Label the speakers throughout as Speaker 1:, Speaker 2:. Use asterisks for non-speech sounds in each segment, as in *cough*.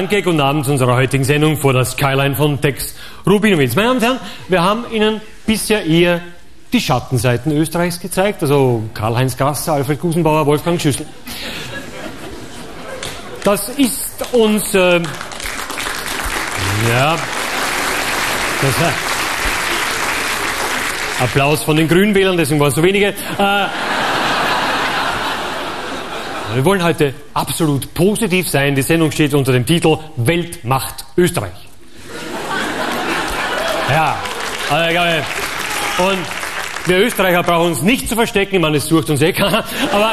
Speaker 1: Danke, guten Abend zu unserer heutigen Sendung vor der Skyline von Tex Rubinowitz. Meine Damen und Herren, wir haben Ihnen bisher eher die Schattenseiten Österreichs gezeigt, also Karl-Heinz Gasser, Alfred Gusenbauer, Wolfgang Schüssel. Das ist uns, äh, ja, das, äh, Applaus von den Grünwählern, deswegen waren es so wenige. Äh, wir wollen heute absolut positiv sein. Die Sendung steht unter dem Titel Welt macht Österreich. ja, also ich glaube, und wir Österreicher brauchen uns nicht zu verstecken. Ich meine, es sucht uns eh keiner. Aber,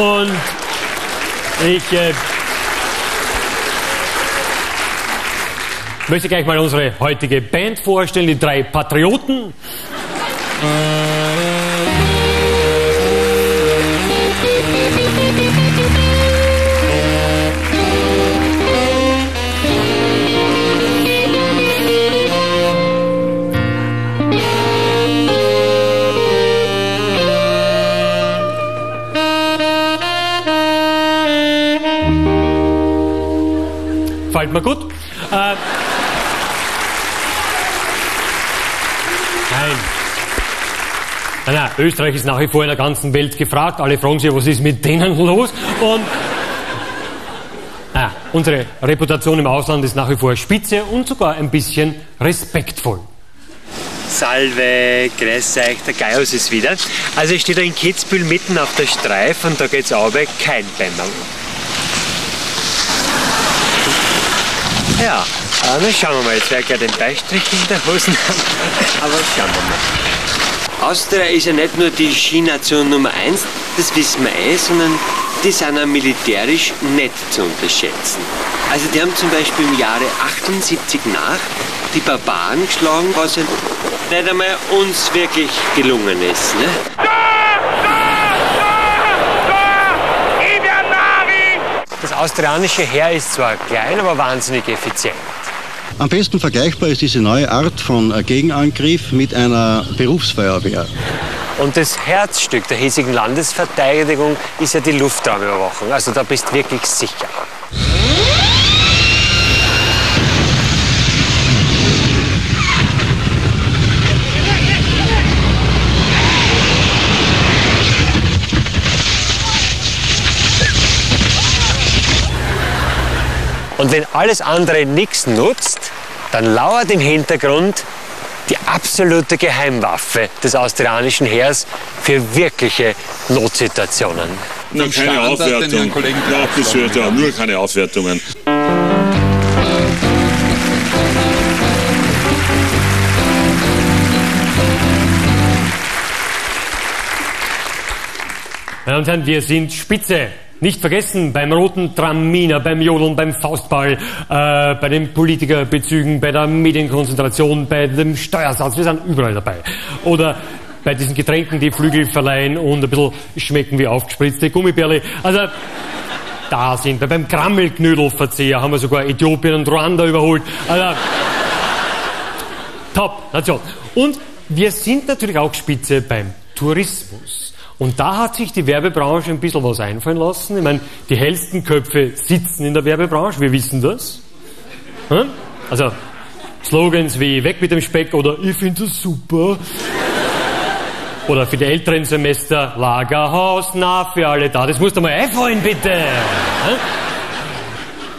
Speaker 1: und ich äh, möchte gleich mal unsere heutige Band vorstellen, die drei Patrioten. man gut. Äh, Nein. Nein, na, Österreich ist nach wie vor in der ganzen Welt gefragt. Alle fragen sich, was ist mit denen los? Und na, unsere Reputation im Ausland ist nach wie vor spitze und sogar ein bisschen respektvoll. Salve, grüß euch, der Gaius ist wieder. Also ich stehe da in Kitzbühel mitten auf der Streif und da geht's aber kein Bämmerl. Ja, na also schauen wir mal. Jetzt wäre ich ja den Beistrich in der Hose *laughs* Aber schauen wir mal. Austria ist ja nicht nur die Skination Nummer 1, das wissen wir eh, sondern die sind auch militärisch nicht zu unterschätzen. Also die haben zum Beispiel im Jahre 78 nach die Barbaren geschlagen, was ja nicht einmal uns wirklich gelungen ist. Ne? austrianische Heer ist zwar klein, aber wahnsinnig effizient.
Speaker 2: Am besten vergleichbar ist diese neue Art von äh, Gegenangriff mit einer Berufsfeuerwehr.
Speaker 1: Und das Herzstück der hiesigen Landesverteidigung ist ja die Luftraumüberwachung. Also da bist du wirklich sicher. Und wenn alles andere nichts nutzt, dann lauert im Hintergrund die absolute Geheimwaffe des australischen Heers für wirkliche Notsituationen. Nur keine Aufwertung. Ja, das hört ja, nur keine Aufwertungen. Meine Damen und Herren, wir sind Spitze nicht vergessen, beim roten Traminer, beim Jodeln, beim Faustball, äh, bei den Politikerbezügen, bei der Medienkonzentration, bei dem Steuersatz, wir sind überall dabei. Oder bei diesen Getränken, die Flügel verleihen und ein bisschen schmecken wie aufgespritzte Gummibärle. Also, da sind wir. Beim Krammelknödelverzehr haben wir sogar Äthiopien und Ruanda überholt. Also, top, Nation. Und wir sind natürlich auch Spitze beim Tourismus. Und da hat sich die Werbebranche ein bisschen was einfallen lassen. Ich meine, die hellsten Köpfe sitzen in der Werbebranche, wir wissen das. Hm? Also Slogans wie weg mit dem Speck oder ich finde das super. Oder für die älteren Semester Lagerhaus nah für alle da. Das musst du mal einfallen, bitte. Hm?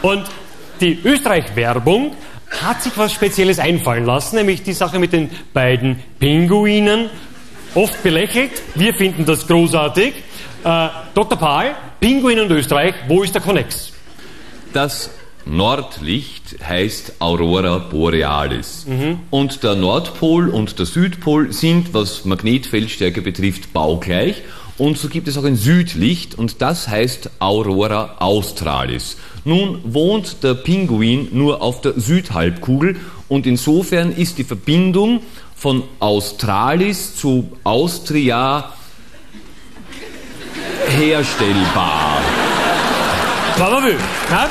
Speaker 1: Und die Österreich-Werbung hat sich was Spezielles einfallen lassen, nämlich die Sache mit den beiden Pinguinen oft belächelt. Wir finden das großartig. Äh, Dr. Pahl,
Speaker 3: Pinguin und Österreich, wo ist der Konnex? Das Nordlicht heißt Aurora Borealis. Mhm. Und der Nordpol und der Südpol sind, was Magnetfeldstärke betrifft, baugleich. Und so gibt es auch ein Südlicht und das heißt Aurora Australis. Nun wohnt der Pinguin nur auf der Südhalbkugel und insofern ist die Verbindung von Australis zu Austria herstellbar. Bravo, ja?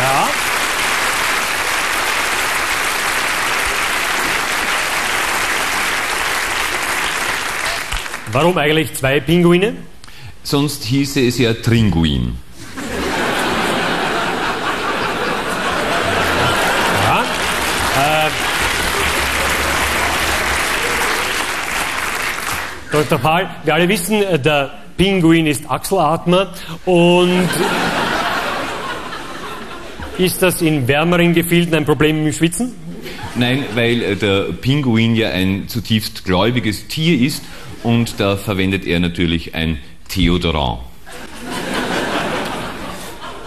Speaker 3: Ja. Warum eigentlich zwei Pinguine? Sonst hieße es ja Tringuin.
Speaker 1: Dr. Paul, wir alle wissen, äh, der Pinguin ist Achselatmer und ist das in wärmeren Gefilden ein Problem im Schwitzen?
Speaker 3: Nein, weil äh, der Pinguin ja ein zutiefst gläubiges Tier ist und da verwendet er natürlich ein Theodorant.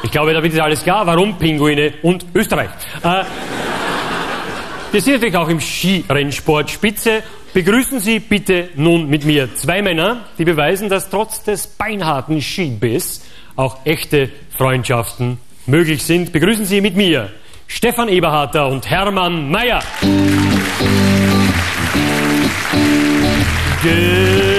Speaker 3: Ich glaube, damit ist
Speaker 1: alles klar, warum Pinguine und Österreich. Äh, wir sind natürlich auch im Skirennsport Spitze Begrüßen Sie bitte nun mit mir zwei Männer, die beweisen, dass trotz des beinharten Skibiss auch echte Freundschaften möglich sind. Begrüßen Sie mit mir Stefan Eberharter und Hermann Mayer. Ge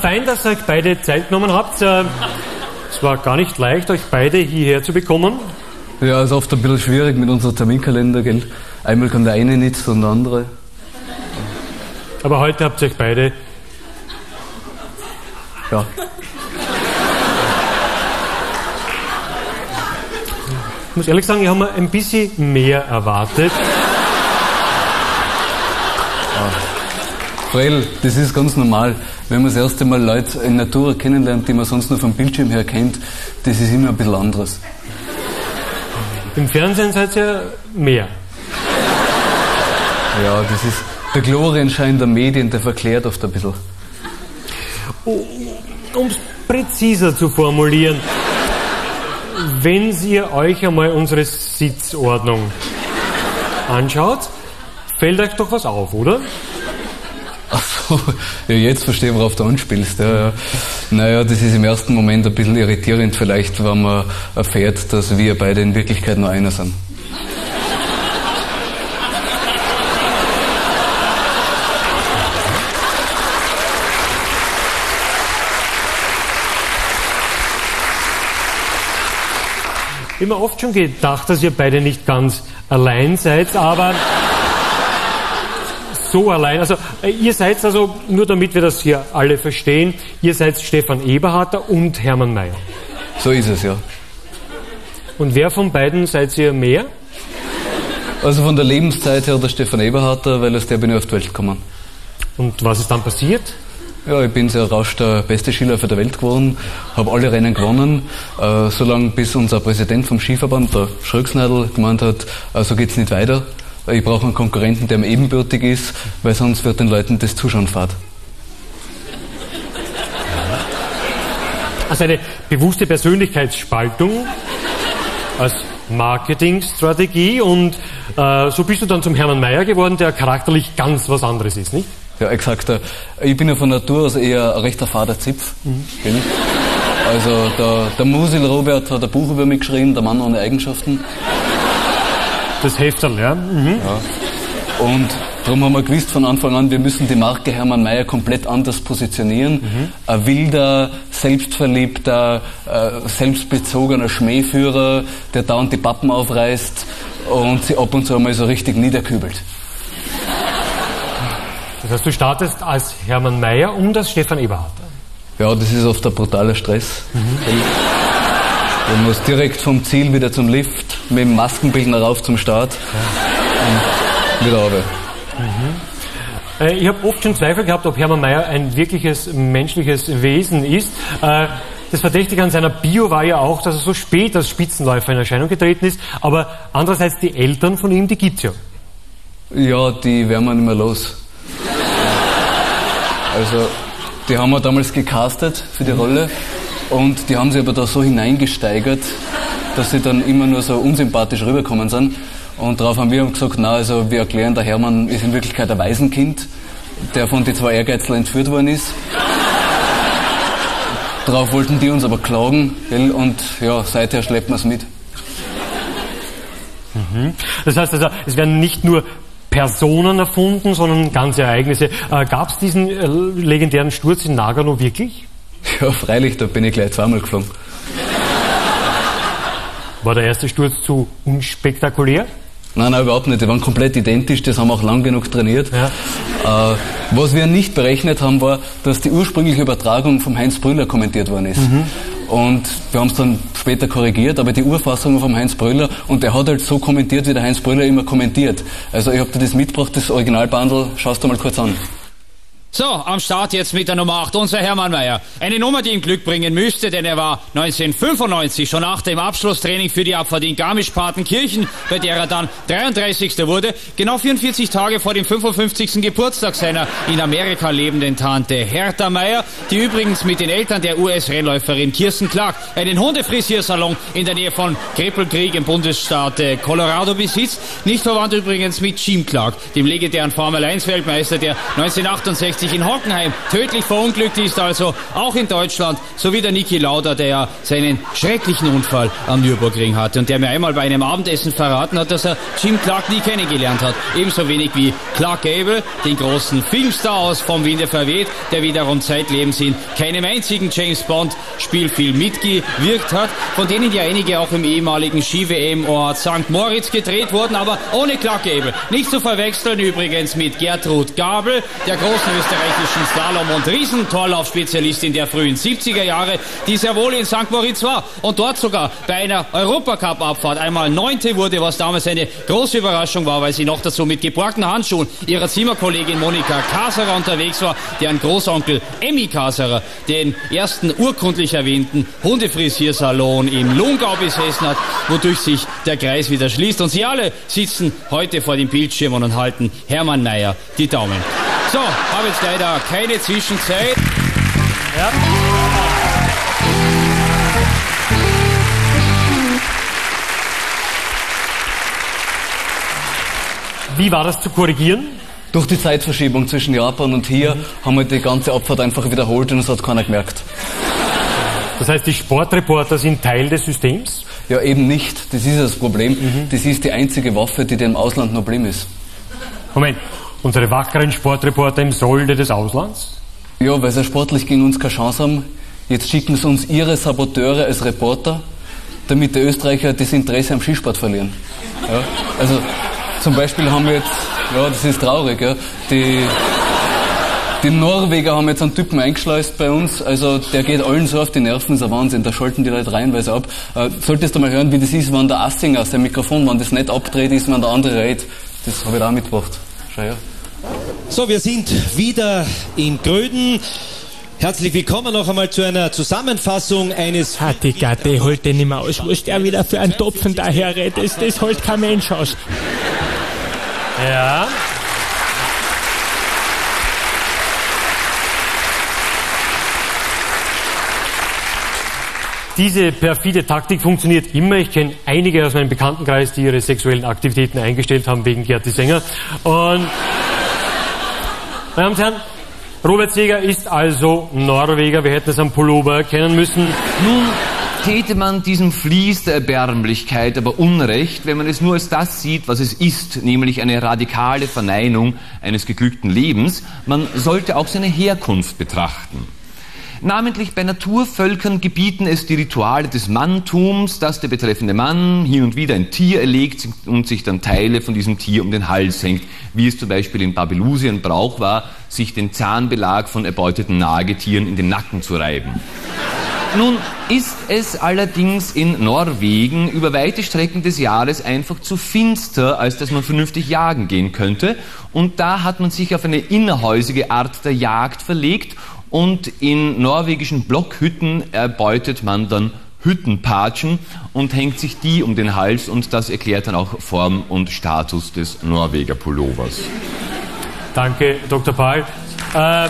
Speaker 1: fein, dass ihr euch
Speaker 2: beide Zeit genommen habt. Äh, es war gar nicht leicht, euch beide hierher zu bekommen. Ja, ist oft ein bisschen schwierig mit unserem Terminkalender, gell? Einmal kann der eine nichts und der andere. Aber heute habt ihr euch beide. Ja. Ich muss ehrlich sagen, ich habe mir ein bisschen mehr erwartet. Frell, ah. das ist ganz normal wenn man das erste Mal Leute in Natur kennenlernt, die man sonst nur vom Bildschirm her kennt, das ist immer ein bisschen anderes. Im Fernsehen seid ihr mehr. Ja, das ist der Glorienschein der Medien, der verklärt oft ein bisschen.
Speaker 1: Um es präziser zu formulieren, wenn ihr euch einmal unsere Sitzordnung anschaut, fällt euch doch was
Speaker 2: auf, oder? Achso, ja, jetzt verstehe ich, worauf du anspielst. Ja, ja. Naja, das ist im ersten Moment ein bisschen irritierend vielleicht, wenn man erfährt, dass wir beide in Wirklichkeit nur einer sind.
Speaker 1: Immer oft schon gedacht, dass ihr beide nicht ganz allein seid, aber so allein. Also äh, ihr seid also, nur damit wir das hier alle verstehen, ihr seid Stefan Eberharter und Hermann Mayer. So ist es, ja. Und wer von
Speaker 2: beiden seid ihr mehr? Also von der Lebenszeit her der Stefan Eberharter, weil aus der bin ich auf die Welt gekommen. Und was ist dann passiert? Ja, ich bin sehr rasch der beste Skiläufer der Welt geworden, habe alle Rennen gewonnen, äh, solange bis unser Präsident vom Skiverband, der Schröcksneidl, gemeint hat, äh, so es nicht weiter ich brauche einen Konkurrenten, der mir ebenbürtig ist, weil sonst wird den Leuten das Zuschauen fad. Also eine bewusste Persönlichkeitsspaltung als
Speaker 1: Marketingstrategie und äh, so bist du dann zum Hermann Mayer geworden, der charakterlich
Speaker 2: ganz was anderes ist, nicht? Ja, exakt. Äh, ich bin ja von Natur aus eher ein rechter fader Zipf. Mhm. Also der, der Musil Robert hat ein Buch über mich geschrieben, der Mann ohne Eigenschaften. Das Hefterl, ja. Mhm. ja. Und darum haben wir gewusst von Anfang an, wir müssen die Marke Hermann Mayer komplett anders positionieren. Mhm. Ein wilder, selbstverliebter, äh, selbstbezogener Schmähführer, der dauernd die Pappen aufreißt und sie ab und zu einmal so richtig niederkübelt. Das heißt, du startest als Hermann Mayer und als Stefan Eberhardt. Ja, das ist oft ein brutaler Stress. Mhm. Man muss direkt vom Ziel wieder zum Lift mit dem Maskenbildner rauf zum Start und wieder runter.
Speaker 1: Mhm. Äh, ich habe oft schon Zweifel gehabt, ob Hermann Mayer ein wirkliches menschliches Wesen ist. Äh, das Verdächtige an seiner Bio war ja auch, dass er so spät als Spitzenläufer in Erscheinung getreten
Speaker 2: ist. Aber andererseits, die Eltern von ihm, die gibt's ja. Ja, die werden wir nicht mehr los. Also, die haben wir damals gecastet für die Rolle und die haben sie aber da so hineingesteigert, dass sie dann immer nur so unsympathisch rüberkommen sind. Und darauf haben wir gesagt, na also wir erklären, der Hermann ist in Wirklichkeit ein Waisenkind, der von den zwei Ehrgeizler entführt worden ist. Darauf wollten die uns aber klagen, gell? und ja, seither schleppen wir es mit. Mhm. Das heißt also, es werden nicht nur Personen erfunden,
Speaker 1: sondern ganze Ereignisse. Äh, Gab es diesen äh, legendären Sturz in Nagano wirklich?
Speaker 2: Ja, freilich, da bin ich gleich zweimal geflogen. War der erste Sturz zu unspektakulär? Nein, nein, überhaupt nicht. Die waren komplett identisch, das haben wir auch lang genug trainiert. Ja. Äh, was wir nicht berechnet haben, war, dass die ursprüngliche Übertragung vom Heinz Brüller kommentiert worden ist. Mhm. Und wir haben es dann später korrigiert, aber die Urfassung vom Heinz Brüller und der hat halt so kommentiert, wie der Heinz Brüller immer kommentiert. Also ich habe dir das mitgebracht, das Originalbandel, schaust du mal kurz an.
Speaker 4: So, am Start jetzt mit der Nummer 8, unser Hermann Mayer. Eine Nummer, die ihm Glück bringen müsste, denn er war 1995 schon nach dem Abschlusstraining für die Abfahrt in Garmisch-Partenkirchen, bei der er dann 33. wurde, genau 44 Tage vor dem 55. Geburtstag seiner in Amerika lebenden Tante Hertha Mayer, die übrigens mit den Eltern der US-Rennläuferin Kirsten Clark einen Hundefrisiersalon in der Nähe von Krippelkrieg im Bundesstaat äh, Colorado besitzt, nicht verwandt übrigens mit Jim Clark, dem legendären Formel-1-Weltmeister, der 1968 1986 in Hockenheim tödlich verunglückt ist, also auch in Deutschland, so wie der Niki Lauda, der ja seinen schrecklichen Unfall am Nürburgring hatte und der mir einmal bei einem Abendessen verraten hat, dass er Jim Clark nie kennengelernt hat. Ebenso wenig wie Clark Gable, den großen Filmstar aus Vom Winde verweht, der wiederum zeitlebens in keinem einzigen James Bond Spielfilm mitgewirkt hat, von denen ja einige auch im ehemaligen Ski-WM-Ort St. Moritz gedreht wurden, aber ohne Clark Gable. Nicht zu verwechseln übrigens mit Gertrud Gabel, der großen österreichischen Slalom- und Riesentorlaufspezialistin der frühen 70er Jahre, die sehr wohl in St. Moritz war und dort sogar bei einer Europacup-Abfahrt einmal Neunte wurde, was damals eine große Überraschung war, weil sie noch dazu mit geborgten Handschuhen ihrer Zimmerkollegin Monika Kaserer unterwegs war, deren Großonkel Emmy Kaserer den ersten urkundlich erwähnten Hundefrisiersalon im Lungau besessen hat, wodurch sich der Kreis wieder schließt. Und sie alle sitzen heute vor dem Bildschirm und halten Hermann Mayer die Daumen. So, habe jetzt leider keine Zwischenzeit. Ja.
Speaker 2: Wie war das zu korrigieren? Durch die Zeitverschiebung zwischen Japan und hier mhm. haben wir die ganze Abfahrt einfach wiederholt und es hat keiner gemerkt. Das heißt, die Sportreporter sind Teil des Systems? Ja, eben nicht. Das ist das Problem. Mhm. Das ist die einzige Waffe, die dem Ausland noch blieb ist. Moment, unsere wackeren Sportreporter im Solde des Auslands? Ja, weil sie sportlich gegen uns keine Chance haben. Jetzt schicken sie uns ihre Saboteure als Reporter, damit die Österreicher das Interesse am Skisport verlieren. Ja, also zum Beispiel haben wir jetzt, ja, das ist traurig, ja, die, die Norweger haben jetzt einen Typen eingeschleust bei uns, also der geht allen so auf die Nerven, ist ein Wahnsinn, da schalten die Leute reihenweise ab. Äh, solltest du mal hören, wie das ist, wenn der Assinger dem Mikrofon, wenn das nicht abdreht, ist, wenn der andere redet. Das habe ich da auch mitgebracht. Schau ja. So, wir sind wieder in Gröden. Herzlich willkommen noch einmal zu
Speaker 1: einer Zusammenfassung eines... Hatti ah, Gatti, holt den nicht mehr aus, was der wieder für einen Topfen daher redest, das holt kein Mensch aus. Ja. Diese perfide Taktik funktioniert immer. Ich kenne einige aus meinem Bekanntenkreis, die ihre sexuellen Aktivitäten eingestellt haben wegen Gerti Sänger. Und... Meine Damen und Herren, Robert Seger ist also Norweger. Wir hätten es am
Speaker 3: Pullover erkennen müssen. Nun täte man diesem Fließ der Erbärmlichkeit aber Unrecht, wenn man es nur als das sieht, was es ist, nämlich eine radikale Verneinung eines geglückten Lebens. Man sollte auch seine Herkunft betrachten. Namentlich bei Naturvölkern gebieten es die Rituale des Manntums, dass der betreffende Mann hin und wieder ein Tier erlegt und sich dann Teile von diesem Tier um den Hals hängt, wie es zum Beispiel in Babylusien Brauch war, sich den Zahnbelag von erbeuteten Nagetieren in den Nacken zu reiben. Nun ist es allerdings in Norwegen über weite Strecken des Jahres einfach zu finster, als dass man vernünftig jagen gehen könnte. Und da hat man sich auf eine innerhäusige Art der Jagd verlegt und in norwegischen Blockhütten erbeutet man dann Hüttenpatschen und hängt sich die um den Hals und das erklärt dann auch Form und Status des Norweger Pullovers. Danke, Dr. Paul. Äh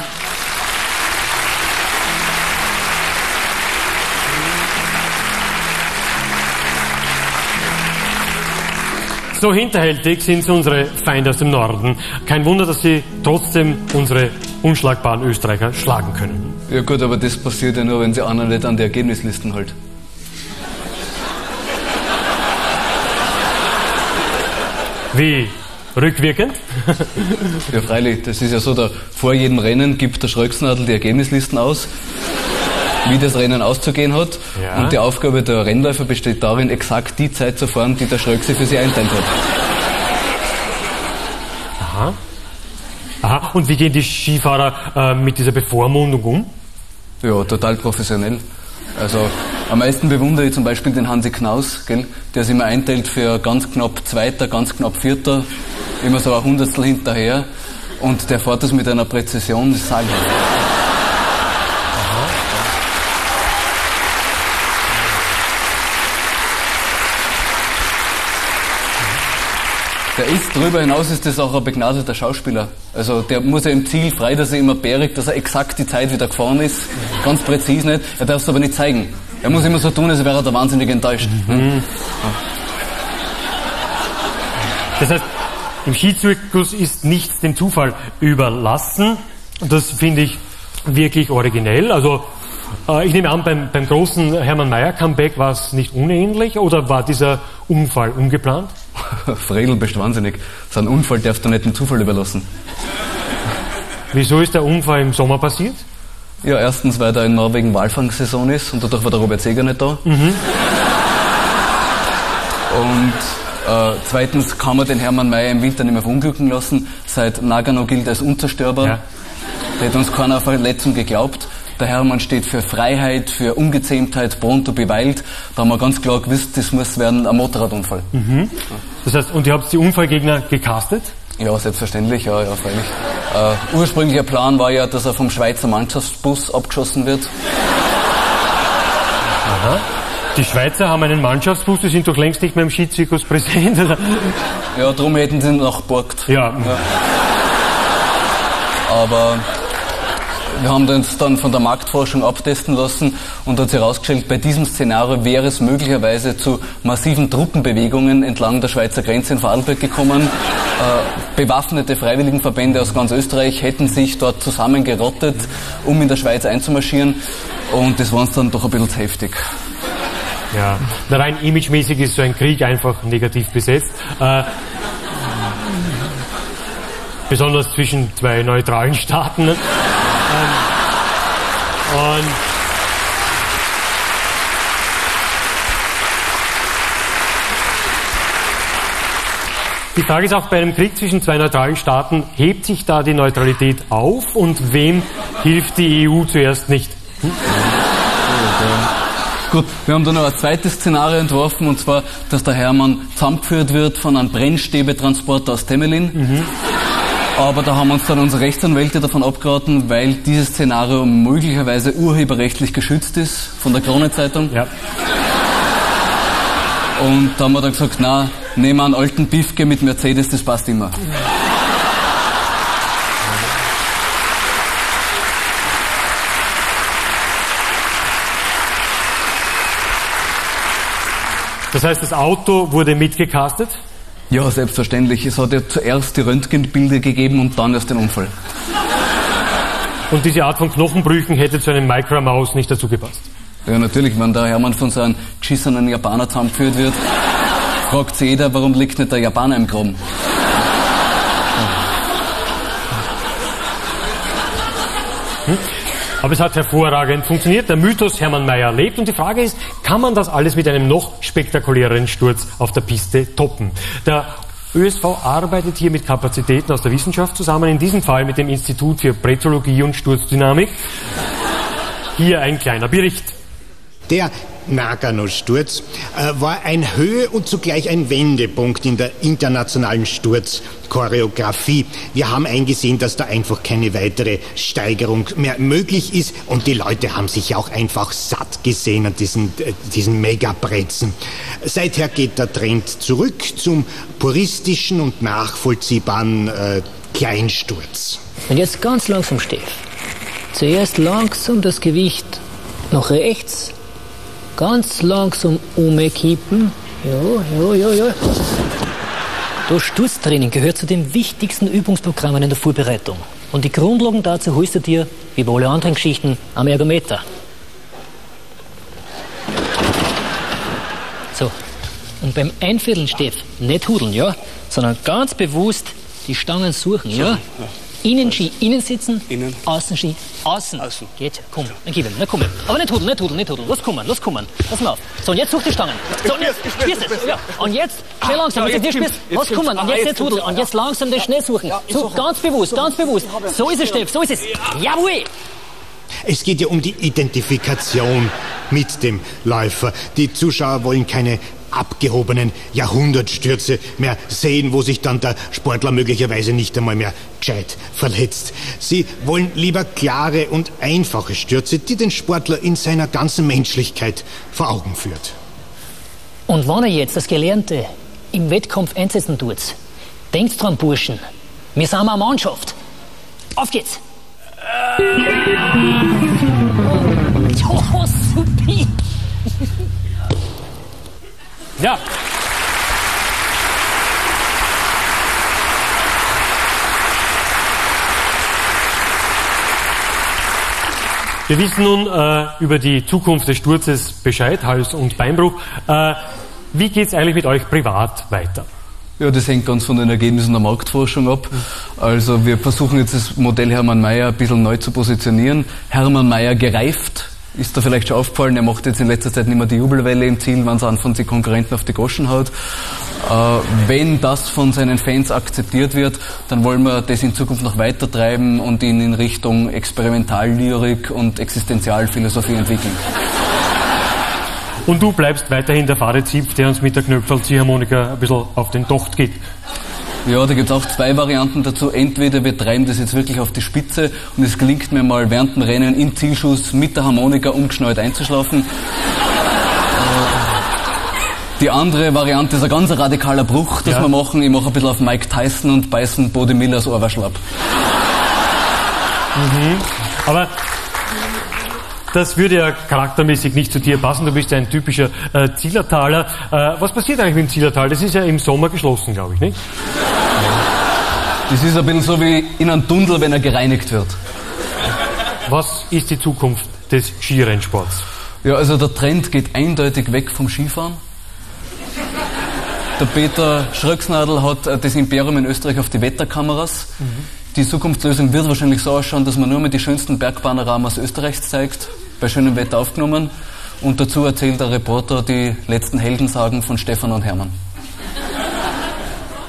Speaker 1: So hinterhältig sind sie unsere Feinde aus dem Norden. Kein Wunder, dass sie trotzdem unsere unschlagbaren Österreicher schlagen können.
Speaker 2: Ja gut, aber das passiert ja nur, wenn sie anderen nicht an die Ergebnislisten halt. Wie? Rückwirkend? ja, freilich. Das ist ja so, da, vor jedem Rennen gibt der Schröcksnadel die Ergebnislisten aus wie das Rennen auszugehen hat. Ja. Und die Aufgabe der Rennläufer besteht darin, exakt die Zeit zu fahren, die der Schröckse für sie einteilt hat. Aha. Aha. Und wie gehen die Skifahrer äh, mit dieser Bevormundung um? Ja, total professionell. Also am meisten bewundere ich zum Beispiel den Hansi Knaus, gell, der sich immer einteilt für ganz knapp Zweiter, ganz knapp Vierter, immer so ein Hundertstel hinterher. Und der fährt das mit einer Präzision, das ist sagenhaft. Der ist darüber hinaus ist das auch ein begnadeter Schauspieler. Also der muss ja im Ziel frei, dass er immer bergt, dass er exakt die Zeit wieder gefahren ist. Ganz präzise nicht. Er darf es aber nicht zeigen. Er muss immer so tun, als wäre er da wahnsinnig enttäuscht. Mhm. Das heißt, im Skizirkus ist nichts dem Zufall
Speaker 1: überlassen. Das finde ich wirklich originell. Also äh, ich nehme an, beim, beim großen Hermann Mayer Comeback war es nicht unähnlich oder war dieser Unfall
Speaker 2: ungeplant? *laughs* Fredel bist wahnsinnig. So einen Unfall darfst du nicht dem Zufall überlassen. Wieso ist der Unfall im Sommer passiert? Ja, erstens, weil da in Norwegen Walfangsaison ist und dadurch war der Robert Seger nicht da. Mhm. Und äh, zweitens kann man den Hermann Mayer im Winter nicht mehr verunglücken lassen. Seit Nagano gilt als unzerstörbar. Ja. Da hat uns keiner Verletzung geglaubt. Der Hermann steht für Freiheit, für Ungezähmtheit, pronto beweilt. Da haben wir ganz klar gewusst, das muss werden ein Motorradunfall.
Speaker 1: Mhm. Ja. Das heißt, und ihr habt die Unfallgegner gecastet?
Speaker 2: Ja, selbstverständlich, ja, ja, freilich. Äh, ursprünglicher Plan war ja, dass er vom Schweizer Mannschaftsbus abgeschossen wird. Aha. Die Schweizer haben einen Mannschaftsbus, die sind doch längst nicht mehr im
Speaker 1: Skizirkus präsent. Oder?
Speaker 2: ja, darum hätten sie ihn noch geborgt. Ja. ja. Aber wir haben uns dann von der Marktforschung abtesten lassen und hat sich herausgestellt, bei diesem Szenario wäre es möglicherweise zu massiven Truppenbewegungen entlang der Schweizer Grenze in Vorarlberg gekommen. Äh, bewaffnete Freiwilligenverbände aus ganz Österreich hätten sich dort zusammengerottet, um in der Schweiz einzumarschieren. Und das war uns dann doch ein bisschen zu heftig.
Speaker 1: Ja, rein imagemäßig ist so ein Krieg einfach negativ besetzt. Äh, besonders zwischen zwei neutralen Staaten. Und Die Frage ist auch bei einem Krieg zwischen zwei neutralen Staaten, hebt sich da die Neutralität auf und wem hilft die EU zuerst nicht? Hm?
Speaker 2: Gut, wir haben dann noch ein zweites Szenario entworfen, und zwar, dass der Hermann zusammengeführt wird von einem Brennstäbetransporter aus Temelin. Mhm. Aber da haben uns dann unsere Rechtsanwälte davon abgeraten, weil dieses Szenario möglicherweise urheberrechtlich geschützt ist von der Krone-Zeitung. Ja. Und da haben wir dann gesagt, na, nehmen wir einen alten Bifke mit Mercedes, das passt immer.
Speaker 1: Das heißt, das Auto wurde
Speaker 2: mitgecastet? Ja, selbstverständlich. Es hat ja zuerst die Röntgenbilder gegeben und dann erst den Unfall. Und diese Art von Knochenbrüchen hätte zu einem Micromaus nicht dazu gepasst. Ja, natürlich, wenn der Hermann von so einem geschissenen Japaner zusammengeführt wird, fragt sich jeder, warum liegt nicht der Japaner im Graben? Aber es hat hervorragend funktioniert. Der
Speaker 1: Mythos Hermann Mayer lebt und die Frage ist, kann man das alles mit einem noch spektakuläreren Sturz auf der Piste toppen? Der ÖSV arbeitet hier mit Kapazitäten aus der Wissenschaft zusammen, in diesem Fall mit dem Institut für Prätologie und Sturzdynamik. Hier ein kleiner Bericht. Der Nagano-Sturz äh, war ein Höhe- und zugleich ein Wendepunkt in der internationalen Sturz. Choreografie. Wir haben eingesehen, dass da einfach keine weitere Steigerung mehr möglich ist und die Leute haben sich ja auch einfach satt gesehen an diesen, äh, diesen Megabrezen. Seither geht der Trend
Speaker 5: zurück zum puristischen und nachvollziehbaren äh, Kleinsturz. Und jetzt ganz langsam, Steff. Zuerst langsam das Gewicht nach rechts Ganz langsam umkippen. Ja, ja, ja, ja. Das Sturztraining gehört zu den wichtigsten Übungsprogrammen in der Vorbereitung. Und die Grundlagen dazu holst du dir, wie bei allen anderen Geschichten, am Ergometer. So, und beim Einvierteln, Steff, nicht hudeln, ja, sondern ganz bewusst die Stangen suchen, ja? ja. Innenski innen sitzen, innen. Außenski außen. außen. Geht, komm, dann gib ihm, na komm. Aber nicht hudeln, nicht hudeln, nicht hudeln. Los kommen, los kommen. Pass mal auf. So, und jetzt such die Stangen. So, und jetzt spürst es. Ja. Und jetzt schnell ah, langsam, wenn du dir jetzt Los kommen, ah, und jetzt nicht hudeln. Und jetzt langsam den Schnee suchen. So, ganz bewusst, ganz bewusst. So ist es, Steff, so ist es. Jawohl!
Speaker 1: Es geht ja um die Identifikation mit dem Läufer. Die Zuschauer wollen keine abgehobenen Jahrhundertstürze mehr sehen, wo sich dann der Sportler möglicherweise nicht einmal mehr gescheit verletzt. Sie wollen lieber klare und einfache Stürze, die den Sportler in seiner ganzen Menschlichkeit vor Augen führt.
Speaker 5: Und wenn er jetzt das Gelernte im Wettkampf einsetzen tut, denkt dran, Burschen, wir sind eine Mannschaft. Auf geht's! Ja,
Speaker 4: oh, ja.
Speaker 1: Wir wissen nun äh, über die Zukunft des Sturzes Bescheid, Hals- und Beinbruch. Äh, wie geht es eigentlich mit euch privat
Speaker 2: weiter? Ja, das hängt ganz von den Ergebnissen der Marktforschung ab. Also wir versuchen jetzt das Modell Hermann Mayer ein bisschen neu zu positionieren. Hermann Mayer gereift, ist da vielleicht schon aufgefallen, er macht jetzt in letzter Zeit nicht mehr die Jubelwelle im Ziel, wenn es anfängt, die Konkurrenten auf die Goschen haut. Äh, wenn das von seinen Fans akzeptiert wird, dann wollen wir das in Zukunft noch weiter treiben und ihn in Richtung Experimentallyrik und Existenzialphilosophie entwickeln. Und du bleibst weiterhin der Fahre der uns mit der Knöpfelziehharmonika ein bisschen auf den Tocht geht. Ja, da gibt es auch zwei Varianten dazu. Entweder wir treiben das jetzt wirklich auf die Spitze und es gelingt mir mal während dem Rennen im Zielschuss mit der Harmonika umgeschnallt einzuschlafen. Die andere Variante ist ein ganz radikaler Bruch, das ja. wir machen. Ich mache ein bisschen auf Mike Tyson und beißen Bode Millers Ohrwaschlapp. Mhm. Aber das würde ja
Speaker 1: charaktermäßig nicht zu dir passen. Du bist ja ein typischer äh, Zillertaler. Äh, was passiert eigentlich mit dem Zillertal? Das
Speaker 2: ist ja im Sommer geschlossen, glaube ich, nicht? Das ist ein bisschen so wie in einem Tunnel, wenn er gereinigt wird. Was ist die Zukunft des Skirennsports? Ja, also der Trend geht eindeutig weg vom Skifahren. Der Peter Schröcksnadel hat äh, das Imperium in Österreich auf die Wetterkameras. Mhm die Zukunftslösung wird wahrscheinlich so ausschauen, dass man nur mit die schönsten Bergpanoramas Österreichs zeigt, bei schönem Wetter aufgenommen. Und dazu erzählt der Reporter die letzten Heldensagen von Stefan und Hermann.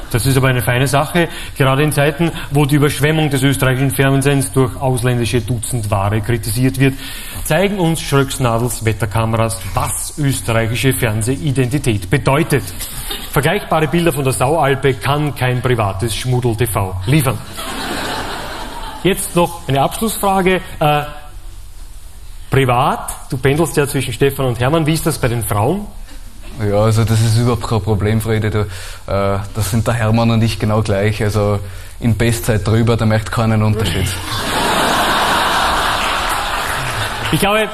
Speaker 2: Das ist aber eine feine Sache, gerade in Zeiten, wo die Überschwemmung des
Speaker 1: österreichischen Fernsehens durch ausländische Dutzendware kritisiert wird, zeigen uns Schröcksnadels Wetterkameras, was österreichische Fernsehidentität bedeutet. Vergleichbare Bilder von der Saualpe kann kein privates Schmudel-TV liefern jetzt noch eine Abschlussfrage. Äh, privat, du
Speaker 2: pendelst ja zwischen Stefan und Hermann, wie ist das bei den Frauen? Ja, also das ist überhaupt kein Problem, Friede. Du, äh, das sind der Hermann und ich genau gleich. Also in Bestzeit drüber, da merkt keinen Unterschied. Ich glaube,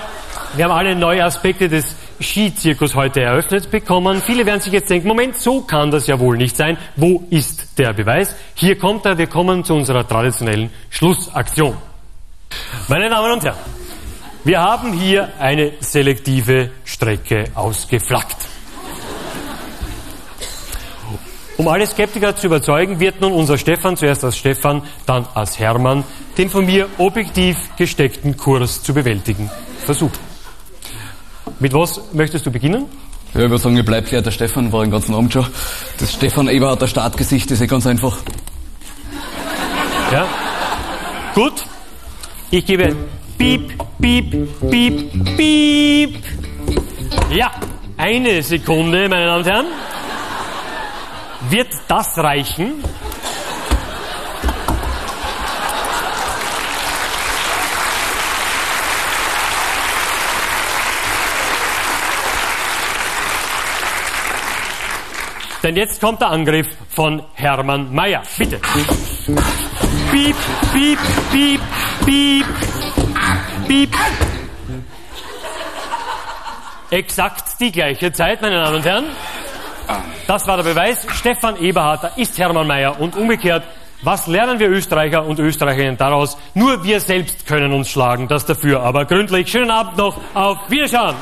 Speaker 2: wir haben
Speaker 1: alle neue Aspekte des Skizirkus heute eröffnet bekommen. Viele werden sich jetzt denken, Moment, so kann das ja wohl nicht sein. Wo ist der Beweis? Hier kommt er, wir kommen zu unserer traditionellen Schlussaktion. Meine Damen und Herren, wir haben hier eine selektive Strecke ausgeflaggt. Um alle Skeptiker zu überzeugen, wird nun unser Stefan zuerst als Stefan, dann als Hermann den von mir objektiv gesteckten Kurs zu bewältigen versuchen.
Speaker 2: Mit was möchtest du beginnen? Ja, ich würde sagen, ich bleibe gleich der Stefan, war den ganzen Abend schon. Das Stefan Eberhardt, der Startgesicht, ist eh ganz einfach. Ja. Gut. Ich gebe Piep, Piep, Piep,
Speaker 1: Piep. Ja, eine Sekunde, meine Damen und Herren. Wird das reichen? Denn jetzt kommt der Angriff von Hermann Mayer. Bitte. Piep, piep, piep, piep, piep. Exakt die gleiche Zeit, meine Damen und Herren. Das war der Beweis. Stefan Eberhardt ist Hermann Mayer und umgekehrt. Was lernen wir Österreicher und Österreicherinnen daraus? Nur wir selbst können uns schlagen, das dafür aber gründlich. Schönen Abend noch, auf Wiedersehen.